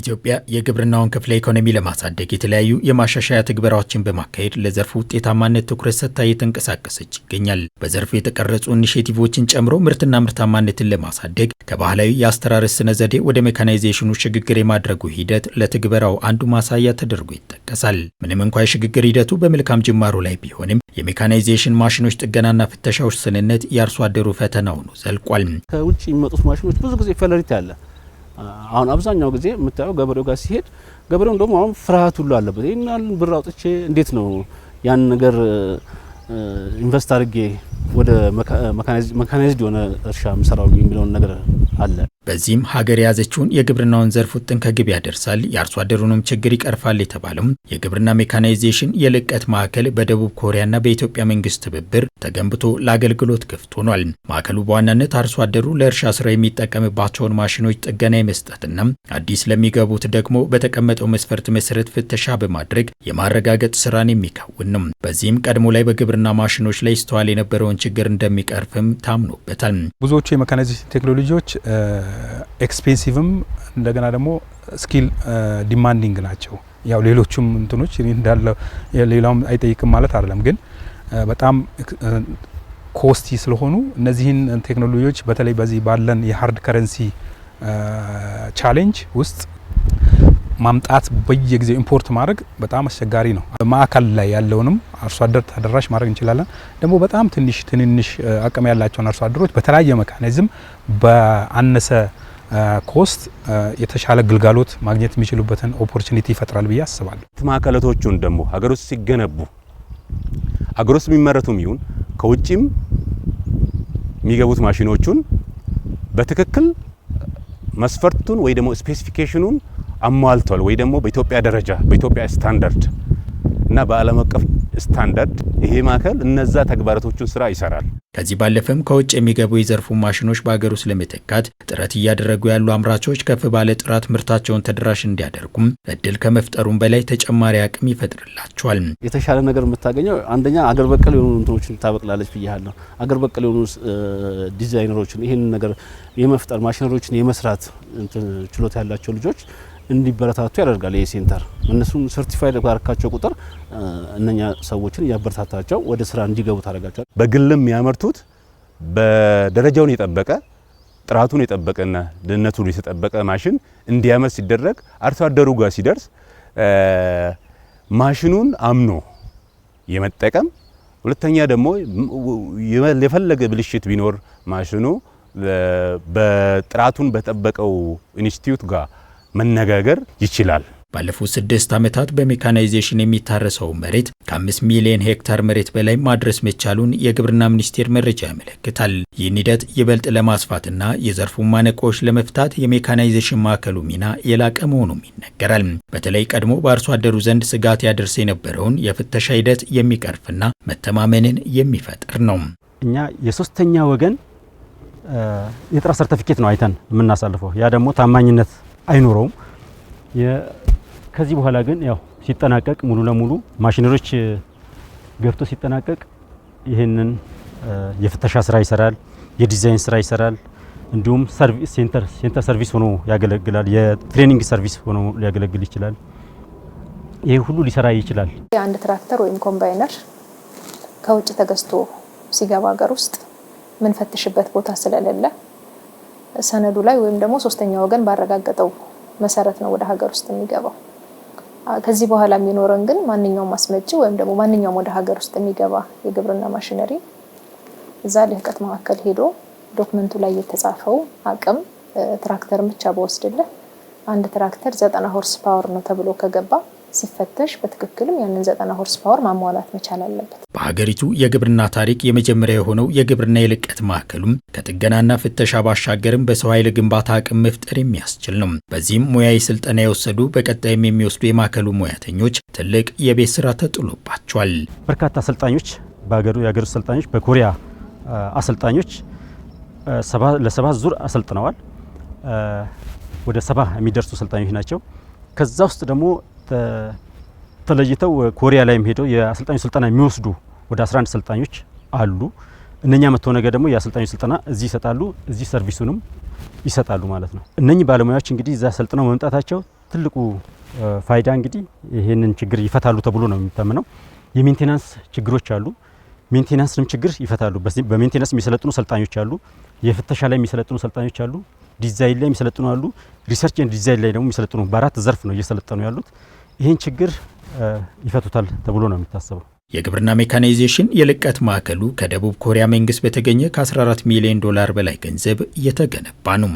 ኢትዮጵያ የግብርናውን ክፍለ ኢኮኖሚ ለማሳደግ የተለያዩ የማሻሻያ ትግበራዎችን በማካሄድ ለዘርፉ ውጤታማነት ትኩረት ሰጥታ እየተንቀሳቀሰች ይገኛል። በዘርፉ የተቀረጹ ኢኒሼቲቮችን ጨምሮ ምርትና ምርታማነትን ለማሳደግ ከባህላዊ የአስተራረስ ስነ ዘዴ ወደ ሜካናይዜሽኑ ሽግግር የማድረጉ ሂደት ለትግበራው አንዱ ማሳያ ተደርጎ ይጠቀሳል። ምንም እንኳ የሽግግር ሂደቱ በመልካም ጅማሮ ላይ ቢሆንም የሜካናይዜሽን ማሽኖች ጥገናና ፍተሻዎች ስንነት የአርሶ አደሩ ፈተና ሆኖ ዘልቋል። ከውጭ የሚመጡት ማሽኖች ብዙ ጊዜ ፈለሪት ያለ አሁን አብዛኛው ጊዜ የምታየው ገበሬው ጋር ሲሄድ ገበሬው እንደውም አሁን ፍርሃት ሁሉ አለበት። ይህናል ብር አውጥቼ እንዴት ነው ያን ነገር ኢንቨስት አድርጌ ወደ መካናይዝድ የሆነ እርሻ የምሰራው የሚለውን ነገር አለ። በዚህም ሀገር የያዘችውን የግብርናውን ዘርፍ ውጥን ከግብ ያደርሳል፣ የአርሶ አደሩንም ችግር ይቀርፋል የተባለውም የግብርና ሜካናይዜሽን የልቀት ማዕከል በደቡብ ኮሪያና በኢትዮጵያ መንግስት ትብብር ተገንብቶ ለአገልግሎት ክፍት ሆኗል። ማዕከሉ በዋናነት አርሶ አደሩ ለእርሻ ስራ የሚጠቀምባቸውን ማሽኖች ጥገና የመስጠትና አዲስ ለሚገቡት ደግሞ በተቀመጠው መስፈርት መሰረት ፍተሻ በማድረግ የማረጋገጥ ስራን የሚከውን ነው። በዚህም ቀድሞ ላይ በግብርና ማሽኖች ላይ ይስተዋል የነበረውን ችግር እንደሚቀርፍም ታምኖበታል። ብዙዎቹ የሜካናይዜሽን ቴክኖሎጂዎች ኤክስፔንሲቭም እንደገና ደግሞ ስኪል ዲማንዲንግ ናቸው። ያው ሌሎቹም እንትኖች እንዳለ ሌላውም አይጠይቅም ማለት አይደለም፣ ግን በጣም ኮስቲ ስለሆኑ እነዚህን ቴክኖሎጂዎች በተለይ በዚህ ባለን የሀርድ ከረንሲ ቻሌንጅ ውስጥ ማምጣት በየጊዜው ኢምፖርት ማድረግ በጣም አስቸጋሪ ነው። ማዕከል ላይ ያለውንም አርሶ አደር ተደራሽ ማድረግ እንችላለን። ደግሞ በጣም ትንሽ ትንንሽ አቅም ያላቸውን አርሶ አደሮች በተለያየ መካኒዝም በአነሰ ኮስት የተሻለ ግልጋሎት ማግኘት የሚችሉበትን ኦፖርቹኒቲ ይፈጥራል ብዬ አስባለሁ። ማዕከለቶቹን ደግሞ ሀገር ውስጥ ሲገነቡ ሀገር ውስጥ የሚመረቱም ይሁን ከውጭም የሚገቡት ማሽኖቹን በትክክል መስፈርቱን ወይ ደግሞ ስፔሲፊኬሽኑን አሟልቷል ወይ ደግሞ በኢትዮጵያ ደረጃ በኢትዮጵያ ስታንዳርድ እና በዓለም አቀፍ ስታንዳርድ ይሄ ማዕከል እነዛ ተግባራቶቹን ስራ ይሰራል። ከዚህ ባለፈም ከውጭ የሚገቡ የዘርፉ ማሽኖች በሀገር ውስጥ ለመተካት ጥረት እያደረጉ ያሉ አምራቾች ከፍ ባለ ጥራት ምርታቸውን ተደራሽ እንዲያደርጉም እድል ከመፍጠሩም በላይ ተጨማሪ አቅም ይፈጥርላቸዋል። የተሻለ ነገር የምታገኘው አንደኛ አገር በቀል የሆኑ እንትኖችን ታበቅላለች ብያለሁ። አገር በቀል የሆኑ ዲዛይነሮችን ይህን ነገር የመፍጠር ማሽነሮችን የመስራት ችሎታ ያላቸው ልጆች እንዲበረታቱ ያደርጋል። ይህ ሴንተር እነሱም ሰርቲፋይድ ባረካቸው ቁጥር እነኛ ሰዎችን እያበረታታቸው ወደ ስራ እንዲገቡ ታደርጋቸዋል። በግልም የሚያመርቱት በደረጃውን የጠበቀ ጥራቱን የጠበቀና ደህንነቱን የተጠበቀ ማሽን እንዲያመርት ሲደረግ አርሶ አደሩ ጋር ሲደርስ ማሽኑን አምኖ የመጠቀም ሁለተኛ ደግሞ የፈለገ ብልሽት ቢኖር ማሽኑ በጥራቱን በጠበቀው ኢንስቲትዩት ጋር መነጋገር ይችላል። ባለፉት ስድስት ዓመታት በሜካናይዜሽን የሚታረሰው መሬት ከአምስት ሚሊዮን ሄክታር መሬት በላይ ማድረስ መቻሉን የግብርና ሚኒስቴር መረጃ ያመለክታል። ይህን ሂደት ይበልጥ ለማስፋትና የዘርፉን ማነቆዎች ለመፍታት የሜካናይዜሽን ማዕከሉ ሚና የላቀ መሆኑም ይነገራል። በተለይ ቀድሞ በአርሶ አደሩ ዘንድ ስጋት ያደርስ የነበረውን የፍተሻ ሂደት የሚቀርፍና መተማመንን የሚፈጥር ነው። እኛ የሶስተኛ ወገን የጥራት ሰርተፊኬት ነው አይተን የምናሳልፈው። ያ ደግሞ ታማኝነት አይኖረውም። ከዚህ በኋላ ግን ያው ሲጠናቀቅ ሙሉ ለሙሉ ማሽነሪዎች ገብቶ ሲጠናቀቅ ይህንን የፍተሻ ስራ ይሰራል፣ የዲዛይን ስራ ይሰራል። እንዲሁም ሰርቪስ ሴንተር ሴንተር ሰርቪስ ሆኖ ያገለግላል። የትሬኒንግ ሰርቪስ ሆኖ ሊያገለግል ይችላል። ይህ ሁሉ ሊሰራ ይችላል። የአንድ ትራክተር ወይም ኮምባይነር ከውጭ ተገዝቶ ሲገባ ሀገር ውስጥ ምንፈትሽበት ቦታ ስለሌለ ሰነዱ ላይ ወይም ደግሞ ሶስተኛ ወገን ባረጋገጠው መሰረት ነው ወደ ሀገር ውስጥ የሚገባው። ከዚህ በኋላ የሚኖረን ግን ማንኛውም አስመጪ ወይም ደግሞ ማንኛውም ወደ ሀገር ውስጥ የሚገባ የግብርና ማሽነሪ እዛ ልህቀት መካከል ሄዶ ዶክመንቱ ላይ የተጻፈው አቅም ትራክተርን ብቻ በወስድልህ አንድ ትራክተር ዘጠና ሆርስ ፓወር ነው ተብሎ ከገባ ሲፈተሽ በትክክልም ያንን ዘጠና ሆርስ ፓወር ማሟላት መቻል አለበት። በሀገሪቱ የግብርና ታሪክ የመጀመሪያ የሆነው የግብርና የልቀት ማዕከሉም ከጥገናና ፍተሻ ባሻገርም በሰው ኃይል ግንባታ አቅም መፍጠር የሚያስችል ነው። በዚህም ሙያዊ ስልጠና የወሰዱ በቀጣይም የሚወስዱ የማዕከሉ ሙያተኞች ትልቅ የቤት ስራ ተጥሎባቸዋል። በርካታ አሰልጣኞች በሀገሩ የሀገር ውስጥ አሰልጣኞች በኮሪያ አሰልጣኞች ለሰባ ዙር አሰልጥነዋል። ወደ ሰባ የሚደርሱ አሰልጣኞች ናቸው። ከዛ ውስጥ ደግሞ ተለይተው ኮሪያ ላይም ሄደው የአሰልጣኞች ስልጠና የሚወስዱ ወደ 11 ሰልጣኞች አሉ። እነኛ መጥተው ነገ ደግሞ የአሰልጣኞች ስልጠና እዚህ ይሰጣሉ፣ እዚህ ሰርቪሱንም ይሰጣሉ ማለት ነው። እነኚህ ባለሙያዎች እንግዲህ እዛ ሰልጥነው መምጣታቸው ትልቁ ፋይዳ እንግዲህ ይህንን ችግር ይፈታሉ ተብሎ ነው የሚታመነው። የሜንቴናንስ ችግሮች አሉ። ሜንቴናንስንም ችግር ይፈታሉ። በሜንቴናንስ የሚሰለጥኑ ሰልጣኞች አሉ። የፍተሻ ላይ የሚሰለጥኑ ሰልጣኞች አሉ። ዲዛይን ላይ የሚሰለጥኑ አሉ። ሪሰርች ኤንድ ዲዛይን ላይ ደግሞ የሚሰለጥኑ በአራት ዘርፍ ነው እየሰለጠኑ ያሉት። ይህን ችግር ይፈቱታል ተብሎ ነው የሚታሰበው። የግብርና ሜካናይዜሽን የልቀት ማዕከሉ ከደቡብ ኮሪያ መንግስት በተገኘ ከ14 ሚሊዮን ዶላር በላይ ገንዘብ የተገነባ ነው።